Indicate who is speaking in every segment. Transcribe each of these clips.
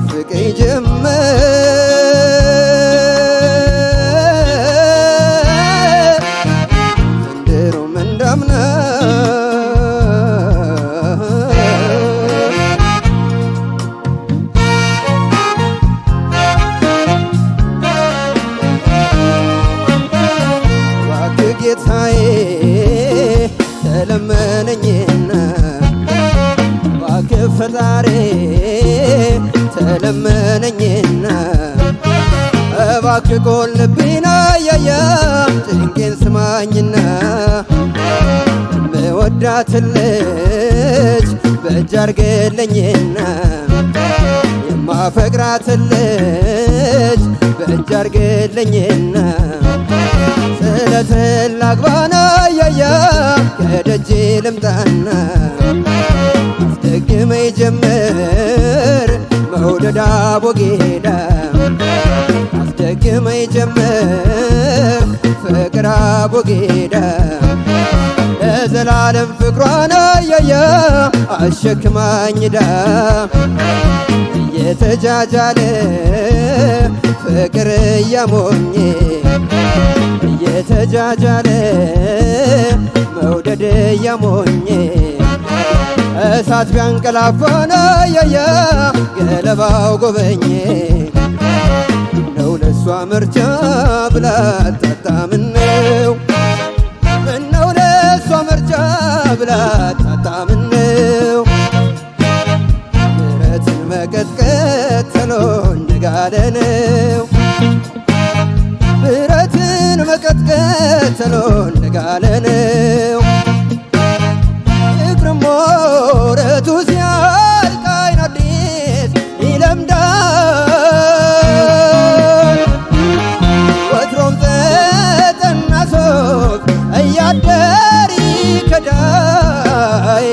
Speaker 1: ናፍቀኝ ጀመ የእናትን ልጅ በእጅ አርግልኝና የማፈቅራትን ልጅ በእጅ አርግልኝና ስለትን ላግባና ያያ ከደጅ ልምጣና አስደግመ ጀምር መውደዳ ቦጌዳ አስደግመ ጀምር ፍቅራ ቦጌዳ ለዘላለም ፍቅሯን አየየ አሸክማኝ ዳ እየተጃጃለ ፍቅር እያሞኘ እየተጃጃለ መውደድ እያሞኘ እሳት ቢያንቀላፋን አየየ ገለባው ጎበኝ ነው ለሷ ምርጫ ብላ ብላ ታጣምነው ምሕረትን መቀጥቀጥ ተሎ እንደጋለነው ምሕረትን መቀጥቀጥ ተሎ እንደጋለነው ፍቅር ሞረቱ ሲያልቅ ዓይን አዲስ ይለምዳል ወትሮም ጠጠና ሶፍ እያደ ገዳይ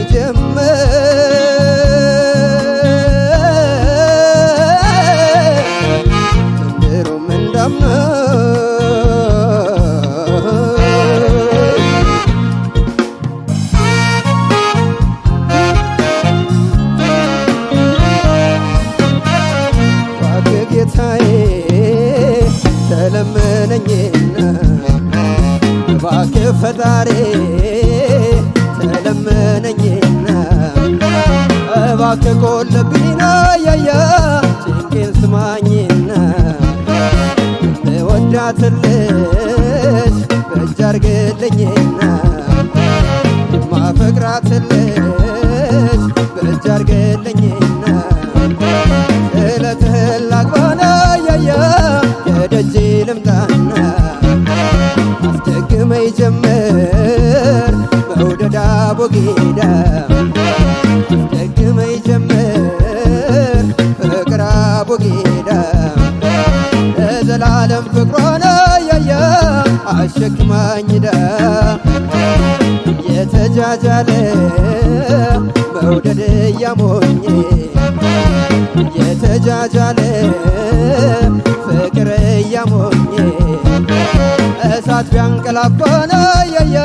Speaker 1: Yeah. አትልሽ በእጅ አድርግልኝ ዓለም ፍቅሮነ ያየ አሸክማኝ ዳ የተጃጃለ መውደድ ያሞኝ የተጃጃለ ፍቅር ያሞኝ እሳት ቢያንቀላፋነ ያየ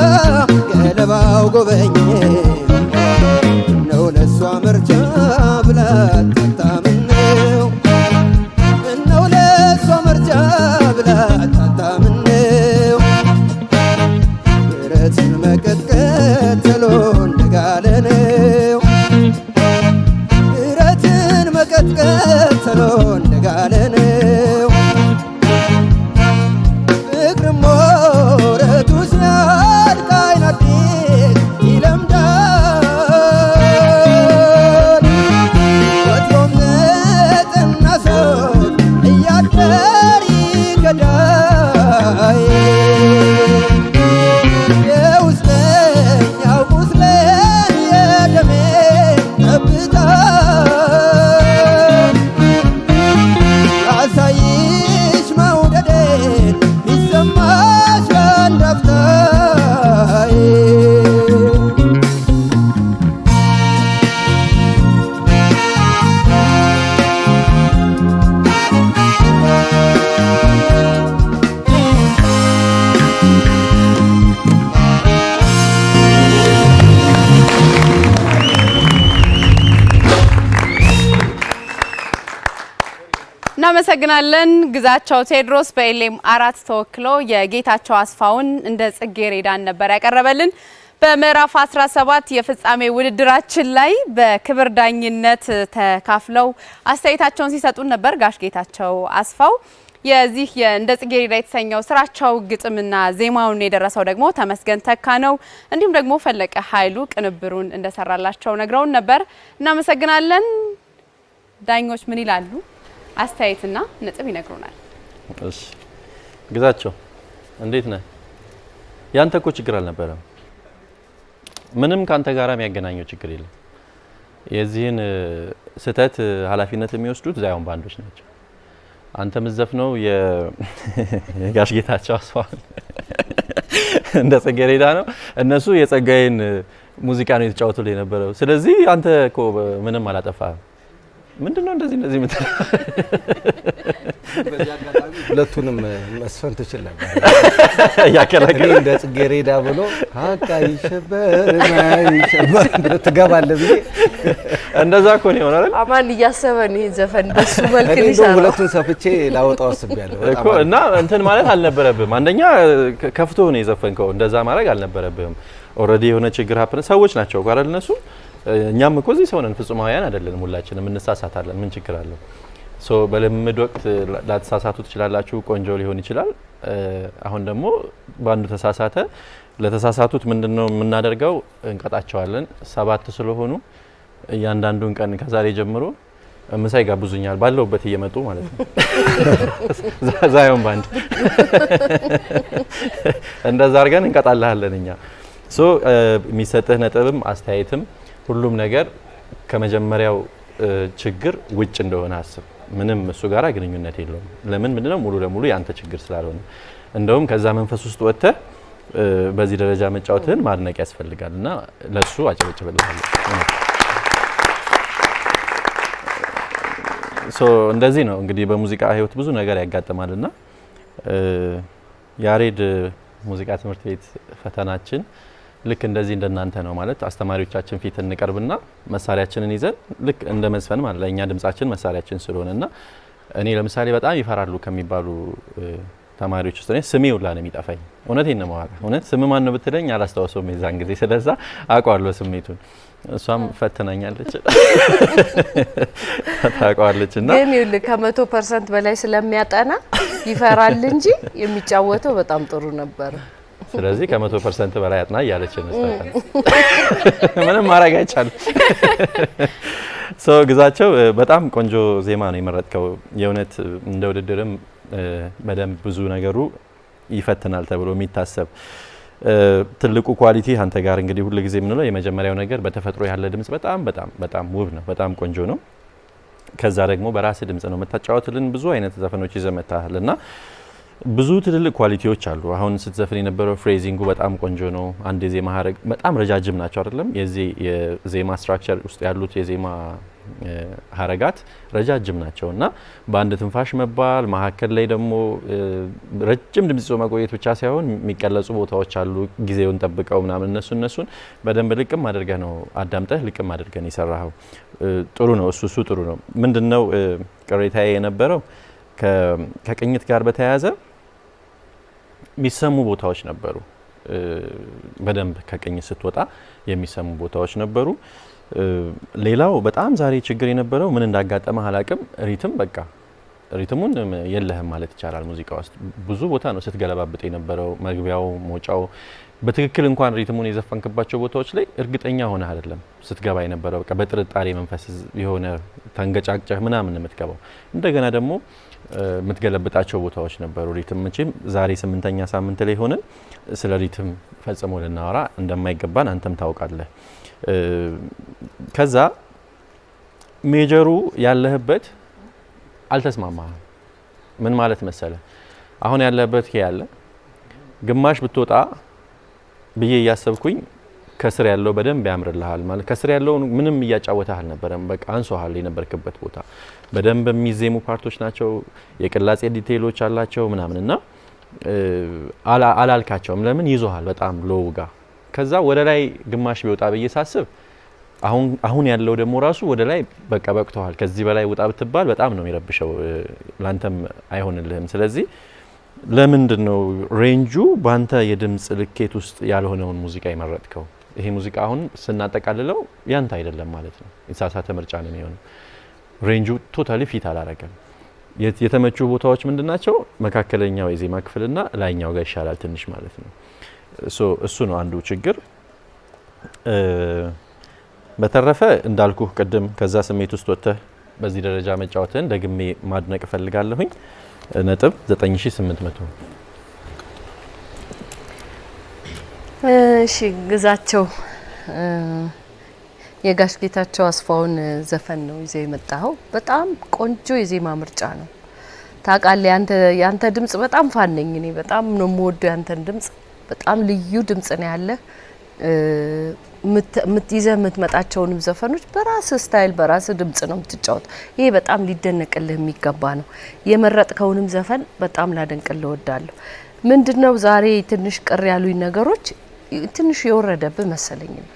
Speaker 1: ገለባው ጎበኝ ቀጠሎን
Speaker 2: እናመሰግናለን። ግዛቸው ቴዎድሮስ በኤሌም አራት ተወክሎ የጌታቸው አስፋውን እንደ ጽጌረዳን ነበር ያቀረበልን። በምዕራፍ 17 የፍጻሜ ውድድራችን ላይ በክብር ዳኝነት ተካፍለው አስተያየታቸውን ሲሰጡን ነበር ጋሽ ጌታቸው አስፋው። የዚህ እንደ ጽጌረዳ የተሰኘው ስራቸው ግጥምና ዜማውን የደረሰው ደግሞ ተመስገን ተካ ነው። እንዲሁም ደግሞ ፈለቀ ኃይሉ ቅንብሩን እንደሰራላቸው ነግረውን ነበር። እናመሰግናለን። ዳኞች ምን ይላሉ? አስተያየትና ነጥብ ይነግሩናል።
Speaker 3: እሺ ግዛቸው፣ እንዴት ነህ? ያንተ እኮ ችግር አልነበረም። ምንም ከአንተ ጋር የሚያገናኘው ችግር የለም። የዚህን ስህተት ኃላፊነት የሚወስዱት ዛያውን ባንዶች ናቸው። አንተ ምዘፍነው የጋሽ ጌታቸው አስፋውን እንደ ጽጌረዳ ነው። እነሱ የጸጋዬን ሙዚቃ ነው የተጫወቱል የነበረው። ስለዚህ አንተ ምንም አላጠፋህም። ምንድን ነው እንደዚህ እንደዚህ ምት
Speaker 4: ሁለቱንም መስፈን ትችል ነበር። እያከላከለ እንደ ጽጌሬዳ ብሎ ሀቃ ይሸበር ይሸበር ብሎ ትገባለህ ብዬ
Speaker 3: እንደዛ ኮን ነው አይደል?
Speaker 2: አማን እያሰበ ነው ዘፈን በሱ መልክ
Speaker 4: ሊሰራ ሁለቱን ሰፍቼ ላወጣው አስቤያለሁ
Speaker 3: እኮ እና እንትን ማለት አልነበረብህም። አንደኛ ከፍቶ ነው የዘፈንከው። እንደዛ ማድረግ አልነበረብህም። ኦልሬዲ የሆነ ችግር ሀፕን ሰዎች ናቸው እኮ አይደል እነሱ እኛም እኮ እዚህ ሰውነን ፍጹማውያን አይደለንም። ሁላችንም እንሳሳታለን። ምን ችግር አለው? በልምድ ወቅት ላተሳሳቱ ትችላላችሁ። ቆንጆ ሊሆን ይችላል። አሁን ደግሞ በአንዱ ተሳሳተ። ለተሳሳቱት ምንድነው የምናደርገው? እንቀጣቸዋለን። ሰባት ስለሆኑ እያንዳንዱን ቀን ከዛሬ ጀምሮ ምሳ ይጋብዙኛል ባለውበት እየመጡ ማለት ነው። ዛዮን ባንድ እንደዛ አድርገን እንቀጣልሃለን እኛ ሶ የሚሰጥህ ነጥብም አስተያየትም ሁሉም ነገር ከመጀመሪያው ችግር ውጭ እንደሆነ አስብ። ምንም እሱ ጋር ግንኙነት የለውም። ለምን ምንድነው ሙሉ ለሙሉ የአንተ ችግር ስላልሆነ፣ እንደውም ከዛ መንፈስ ውስጥ ወጥተ በዚህ ደረጃ መጫወትህን ማድነቅ ያስፈልጋል እና ለሱ አጨበጭብልሃለሁ። እንደዚህ ነው እንግዲህ በሙዚቃ ህይወት ብዙ ነገር ያጋጥማል እና ያሬድ ሙዚቃ ትምህርት ቤት ፈተናችን ልክ እንደዚህ እንደናንተ ነው ማለት አስተማሪዎቻችን ፊት እንቀርብና መሳሪያችንን ይዘን ልክ እንደ መዝፈን ማለት ለእኛ ድምጻችን መሳሪያችን ስለሆነና እኔ ለምሳሌ በጣም ይፈራሉ ከሚባሉ ተማሪዎች ውስጥ እኔ ስሜ ሁላ ነው የሚጠፋኝ። እውነቴን ነው የማወራ። እውነት ስም ማን ነው ብትለኝ አላስታውሰውም የዛን ጊዜ። ስለዛ አውቀዋለሁ ስሜቱን። እሷም ፈትናኛለች ታውቀዋለች። እና
Speaker 2: ግን ይል ከመቶ ፐርሰንት በላይ ስለሚያጠና ይፈራል እንጂ የሚጫወተው በጣም ጥሩ ነበር።
Speaker 3: ስለዚህ ከመቶ ፐርሰንት በላይ አጥና እያለች ምንም ማድረግ አይቻልም። ሰው ግዛቸው በጣም ቆንጆ ዜማ ነው የመረጥከው። የእውነት እንደ ውድድርም በደንብ ብዙ ነገሩ ይፈትናል ተብሎ የሚታሰብ ትልቁ ኳሊቲ አንተ ጋር እንግዲህ ሁል ጊዜ የምንለው የመጀመሪያው ነገር በተፈጥሮ ያለ ድምጽ በጣም በጣም በጣም ውብ ነው፣ በጣም ቆንጆ ነው። ከዛ ደግሞ በራስ ድምጽ ነው የምታጫወትልን ብዙ አይነት ዘፈኖች ይዘመታልና ብዙ ትልልቅ ኳሊቲዎች አሉ። አሁን ስትዘፍን የነበረው ፍሬዚንጉ በጣም ቆንጆ ነው። አንድ የዜማ ሀረግ በጣም ረጃጅም ናቸው አይደለም? የዚህ የዜማ ስትራክቸር ውስጥ ያሉት የዜማ ሀረጋት ረጃጅም ናቸው እና በአንድ ትንፋሽ መባል መካከል ላይ ደግሞ ረጅም ድምጽ ይዞ መቆየት ብቻ ሳይሆን የሚቀለጹ ቦታዎች አሉ፣ ጊዜውን ጠብቀው ምናምን እነሱ እነሱን በደንብ ልቅም አድርገህ ነው አዳምጠህ ልቅም አድርገን የሰራኸው ጥሩ ነው። እሱ እሱ ጥሩ ነው። ምንድን ነው ቅሬታዬ የነበረው ከቅኝት ጋር በተያያዘ የሚሰሙ ቦታዎች ነበሩ። በደንብ ከቀኝ ስትወጣ የሚሰሙ ቦታዎች ነበሩ። ሌላው በጣም ዛሬ ችግር የነበረው ምን እንዳጋጠመ አላቅም። ሪትም በቃ ሪትሙን የለህም ማለት ይቻላል። ሙዚቃ ውስጥ ብዙ ቦታ ነው ስትገለባብጥ የነበረው። መግቢያው፣ መውጫው በትክክል እንኳን ሪትሙን የዘፈንክባቸው ቦታዎች ላይ እርግጠኛ ሆነ አይደለም ስትገባ የነበረው። በቃ በጥርጣሬ መንፈስ የሆነ ተንገጫቅጨህ ምናምን የምትገባው እንደገና ደግሞ የምትገለብጣቸው ቦታዎች ነበሩ። ሪትም መቼም ዛሬ ስምንተኛ ሳምንት ላይ ሆነን ስለ ሪትም ፈጽሞ ልናወራ እንደማይገባን አንተም ታውቃለህ። ከዛ ሜጀሩ ያለህበት አልተስማማህም። ምን ማለት መሰለ፣ አሁን ያለህበት ያለ ግማሽ ብትወጣ ብዬ እያሰብኩኝ ከስር ያለው በደንብ ያምርልሃል። ማለት ከስር ያለው ምንም እያጫወተህ አልነበረም። በቃ አንሶሃል የነበርክበት ቦታ በደንብ የሚዜሙ ፓርቶች ናቸው። የቅላጼ ዲቴይሎች አላቸው ምናምን እና አላልካቸውም። ለምን ይዞሃል በጣም ሎው ጋ ከዛ ወደ ላይ ግማሽ ቢወጣ ብዬ ሳስብ አሁን ያለው ደግሞ ራሱ ወደ ላይ በቃ በቅተዋል። ከዚህ በላይ ውጣ ብትባል በጣም ነው የሚረብሸው፣ ላንተም አይሆንልህም። ስለዚህ ለምንድን ነው ሬንጁ ባንተ የድምፅ ልኬት ውስጥ ያልሆነውን ሙዚቃ የመረጥከው? ይሄ ሙዚቃ አሁን ስናጠቃልለው ያንተ አይደለም ማለት ነው። የተሳሳተ ምርጫ ነው የሚሆነው። ሬንጁ ቶታሊ ፊት አላረገም። የተመቹ ቦታዎች ምንድን ናቸው? መካከለኛው የዜማ ክፍልና ላይኛው ጋር ይሻላል ትንሽ ማለት ነው። እሱ ነው አንዱ ችግር። በተረፈ እንዳልኩ ቅድም ከዛ ስሜት ውስጥ ወጥተህ በዚህ ደረጃ መጫወትህን ደግሜ ማድነቅ እፈልጋለሁኝ። ነጥብ 9800
Speaker 2: እሺ ግዛቸው የጋሽ ጌታቸው አስፋውን ዘፈን ነው ይዘ የመጣኸው። በጣም ቆንጆ የዜማ ምርጫ ነው። ታውቃለህ፣ ያንተ ያንተ ድምጽ በጣም ፋን ነኝ እኔ በጣም ነው የምወደው ያንተን ድምጽ። በጣም ልዩ ድምጽ ነው ያለህ። ይዘህ የምትመጣቸውንም ዘፈኖች በራስ ስታይል በራስ ድምጽ ነው የምትጫወት። ይሄ በጣም ሊደነቅልህ የሚገባ ነው። የመረጥከውንም ዘፈን በጣም ላደንቅልህ እወዳለሁ። ምንድነው ዛሬ ትንሽ ቅር ያሉኝ ነገሮች ትንሽ የወረደብህ መሰለኝ ነው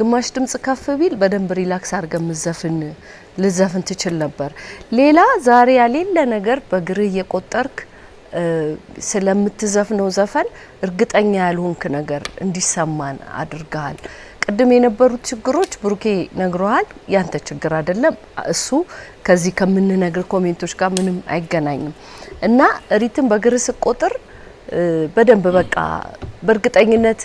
Speaker 2: ግማሽ ድምጽ ከፍ ቢል በደንብ ሪላክስ አድርገን ምዘፍን ልዘፍን ትችል ነበር። ሌላ ዛሬ ያሌለ ነገር በግርህ እየቆጠርክ ስለምትዘፍነው ዘፈን እርግጠኛ ያልሆንክ ነገር እንዲሰማን አድርገሃል። ቅድም የነበሩት ችግሮች ብሩኬ ነግሯል ያንተ ችግር አይደለም እሱ ከዚህ ከምንነግር ኮሜንቶች ጋር ምንም አይገናኝም። እና ሪትም በግር ስቆጥር በደንብ በቃ በእርግጠኝነት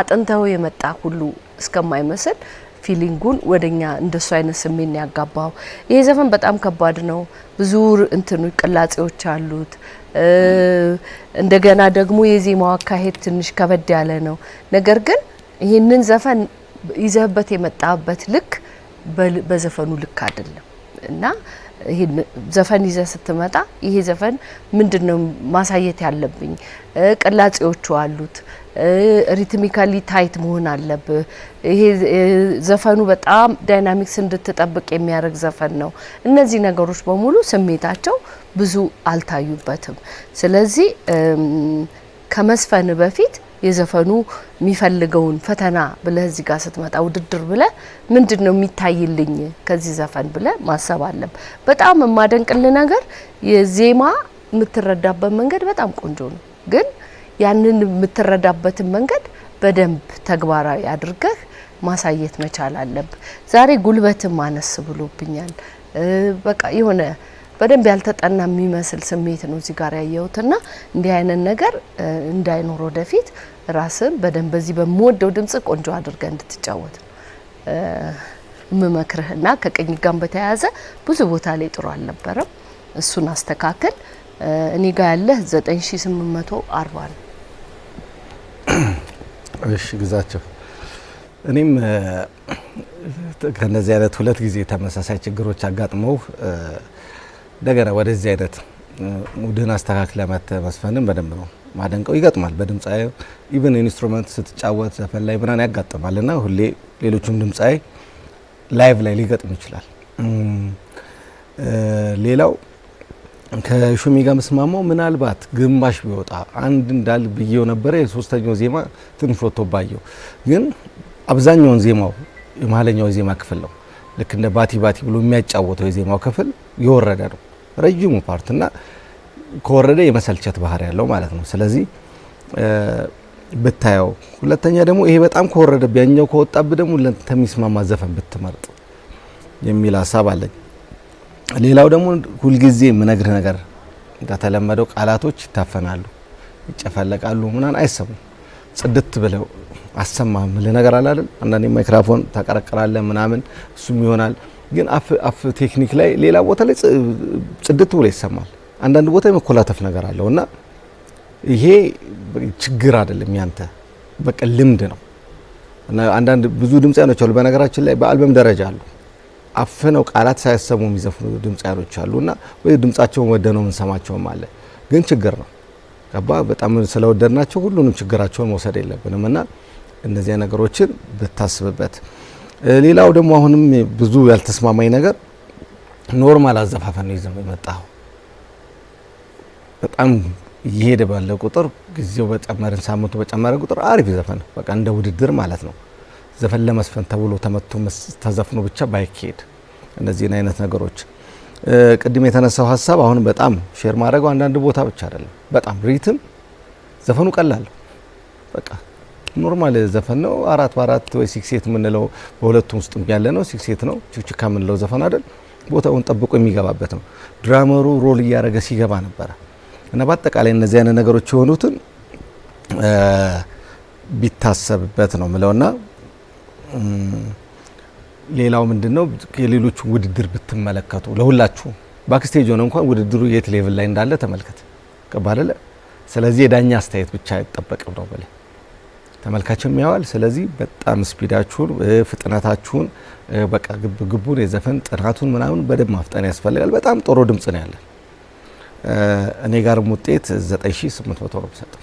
Speaker 2: አጥንተው የመጣ ሁሉ እስከማይመስል ፊሊንጉን ወደኛ እንደሱ አይነት ስሜት ያጋባው። ይሄ ዘፈን በጣም ከባድ ነው። ብዙ እንትኑ ቅላጼዎች አሉት። እንደገና ደግሞ የዜማው አካሄድ ትንሽ ከበድ ያለ ነው። ነገር ግን ይህንን ዘፈን ይዘህበት የመጣበት ልክ በዘፈኑ ልክ አይደለም እና ይሄን ዘፈን ይዘ ስትመጣ ይሄ ዘፈን ምንድን ነው ማሳየት ያለብኝ? ቅላጼዎቹ አሉት፣ ሪትሚካሊ ታይት መሆን አለብህ። ይሄ ዘፈኑ በጣም ዳይናሚክስ እንድትጠብቅ የሚያደርግ ዘፈን ነው። እነዚህ ነገሮች በሙሉ ስሜታቸው ብዙ አልታዩበትም። ስለዚህ ከመስፈን በፊት የዘፈኑ የሚፈልገውን ፈተና ብለህ እዚህ ጋር ስትመጣ ውድድር ብለ ምንድን ነው የሚታይልኝ ከዚህ ዘፈን ብለ ማሰብ አለም። በጣም የማደንቅል ነገር የዜማ የምትረዳበት መንገድ በጣም ቆንጆ ነው። ግን ያንን የምትረዳበትን መንገድ በደንብ ተግባራዊ አድርገህ ማሳየት መቻል አለብ። ዛሬ ጉልበትም አነስ ብሎብኛል በቃ የሆነ በደንብ ያልተጠና የሚመስል ስሜት ነው እዚህ ጋር ያየሁትና እንዲህ አይነት ነገር እንዳይኖር ወደፊት ራስን በደንብ በዚህ በምወደው ድምጽ ቆንጆ አድርገ እንድትጫወት ምመክርህ እና ከቅኝት ጋር በተያያዘ ብዙ ቦታ ላይ ጥሩ አልነበረም። እሱን አስተካክል። እኔ ጋር ያለህ 9840 ነው። እሺ ግዛቸው። እኔም ከነዚህ አይነት ሁለት ጊዜ ተመሳሳይ ችግሮች አጋጥመው እንደገና ወደዚህ አይነት ሙድህን አስተካክለ መተ መስፈንም በደንብ ነው ማደንቀው። ይገጥማል በድምፃዊ ኢቨን ኢንስትሩመንት ስትጫወት ዘፈን ላይ ምናን ያጋጥማል እና ሁሌ ሌሎቹም ድምፃዊ ላይቭ ላይ ሊገጥም ይችላል። ሌላው ከሹሚ ጋር መስማማው ምናልባት ግማሽ ቢወጣ አንድ እንዳል ብዬው ነበረ። የሶስተኛው ዜማ ትንሽ ወጥቶ ባየው፣ ግን አብዛኛውን ዜማው የመሀለኛው ዜማ ክፍል ነው ልክ እንደ ባቲ ባቲ ብሎ የሚያጫወተው የዜማው ክፍል የወረደ ነው ረዥሙ ፓርት እና ከወረደ የመሰልቸት ባህሪ ያለው ማለት ነው። ስለዚህ ብታየው፣ ሁለተኛ ደግሞ ይሄ በጣም ከወረደ ያኛው ከወጣብ ደግሞ ለሚስማማ ዘፈን ብትመርጥ የሚል ሀሳብ አለኝ። ሌላው ደግሞ ሁልጊዜ የምነግርህ ነገር እንደተለመደው ቃላቶች ይታፈናሉ፣ ይጨፈለቃሉ፣ ምናን አይሰሙም ጽድት ብለው አሰማ ምልህ ነገር አለ አይደል? አንዳንዴ ማይክራፎን ታቀረቅራለህ ምናምን እሱም ይሆናል። ግን አፍ ቴክኒክ ላይ ሌላ ቦታ ላይ ጽድት ብሎ ይሰማል። አንዳንድ ቦታ የመኮላተፍ ነገር አለው እና ይሄ ችግር አይደለም ያንተ በቃ ልምድ ነው። እና አንዳንድ ብዙ ድምፃውያኖች አሉ በነገራችን ላይ በአልበም ደረጃ አሉ አፍነው ቃላት ሳያሰሙ የሚዘፍኑ ድምፃውያኖች አሉ እና ወይ ድምጻቸውን ወደ ነው የምንሰማቸውም አለ ግን ችግር ነው ገባ በጣም ስለወደድናቸው ሁሉንም ችግራቸውን መውሰድ የለብንም እና እነዚያ ነገሮችን ብታስብበት። ሌላው ደግሞ አሁንም ብዙ ያልተስማማኝ ነገር ኖርማል አዘፋፈን ነው ይዘው የመጣው በጣም እየሄደ ባለ ቁጥር ጊዜው በጨመርን ሳምንቱ በጨመረ ቁጥር አሪፍ ዘፈን በቃ እንደ ውድድር ማለት ነው ዘፈን ለመስፈን ተብሎ ተመቶ ተዘፍኖ ብቻ ባይካሄድ እነዚህን አይነት ነገሮች ቅድም የተነሳው ሀሳብ አሁን በጣም ሼር ማድረገው አንዳንድ ቦታ ብቻ አይደለም፣ በጣም ሪትም ዘፈኑ ቀላል በቃ ኖርማል ዘፈን ነው። አራት በአራት ወይ ሲክሴት የምንለው በሁለቱም ውስጥ ያለ ነው። ሲክሴት ነው ችክችካ የምንለው ዘፈን አይደል፣ ቦታውን ጠብቆ የሚገባበት ነው። ድራመሩ ሮል እያደረገ ሲገባ ነበረ እና በአጠቃላይ እነዚህ አይነት ነገሮች የሆኑትን ቢታሰብበት ነው ምለውና ሌላው ምንድን ነው የሌሎቹ ውድድር ብትመለከቱ ለሁላችሁ ባክስቴጅ ሆነ እንኳን ውድድሩ የት ሌቭል ላይ እንዳለ ተመልከት ቀባለለ ስለዚህ የዳኛ አስተያየት ብቻ አይጠበቅም ነው በላይ ተመልካችም ያዋል። ስለዚህ በጣም ስፒዳችሁን፣ ፍጥነታችሁን በቃ ግብ ግቡን የዘፈን ጥናቱን ምናምን በደንብ ማፍጠን ያስፈልጋል። በጣም ጥሩ ድምጽ ነው ያለን። እኔ ጋርም ውጤት 9800 ነው ሰጠው።